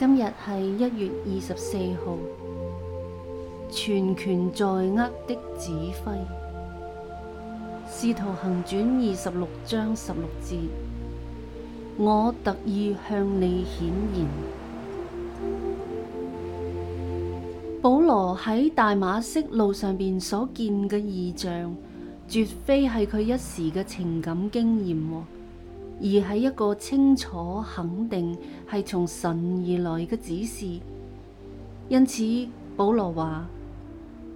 今日係一月二十四號，全權在握的指揮，使徒行傳二十六章十六節。我特意向你顯現，保羅喺大馬色路上面所見嘅異象，絕非係佢一時嘅情感經驗。而係一個清楚肯定係從神而來嘅指示，因此保羅話：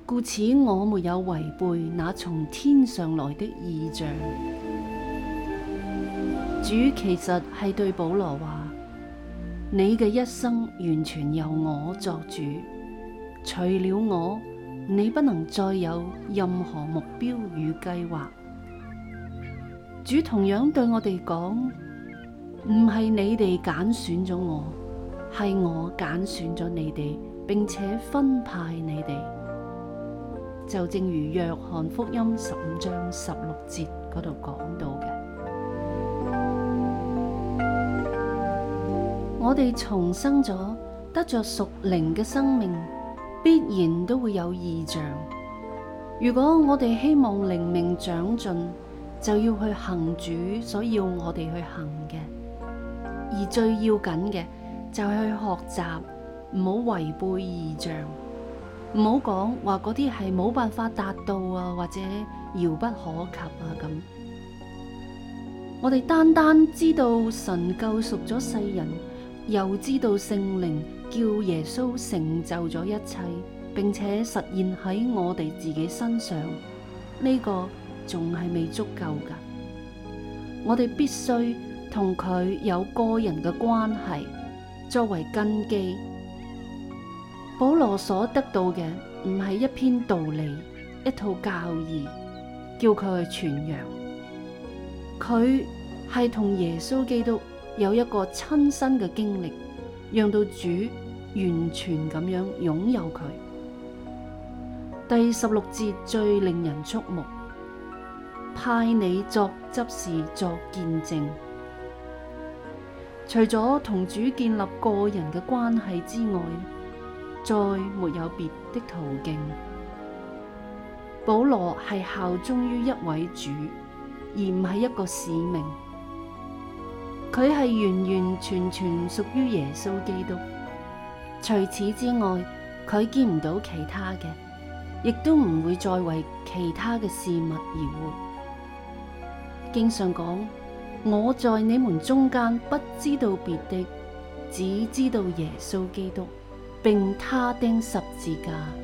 故此我沒有違背那從天上來嘅異象。主其實係對保羅話：你嘅一生完全由我作主，除了我，你不能再有任何目標與計劃。主同樣對我哋講，唔係你哋揀選咗我，係我揀選咗你哋，並且分派你哋。就正如約翰福音十五章十六節嗰度講到嘅，我哋重生咗，得着屬靈嘅生命，必然都會有異象。如果我哋希望靈命長進，就要去行主所要我哋去行嘅，而最要緊嘅就係去學習，唔好違背異象，唔好講話嗰啲係冇辦法達到啊，或者遙不可及啊咁。我哋單單知道神救贖咗世人，又知道聖靈叫耶穌成就咗一切，並且實現喺我哋自己身上呢個。仲係未足夠噶，我哋必須同佢有個人嘅關係作為根基。保羅所得到嘅唔係一篇道理、一套教義，叫佢去傳揚。佢係同耶穌基督有一個親身嘅經歷，讓到主完全咁樣擁有佢。第十六節最令人觸目。派你作執事作見證，除咗同主建立個人嘅關係之外，再沒有別的途徑。保羅係效忠於一位主，而唔係一個使命。佢係完完全全屬於耶穌基督。除此之外，佢見唔到其他嘅，亦都唔會再為其他嘅事物而活。經常講，我在你們中間，不知道別的，只知道耶穌基督，並他釘十字架。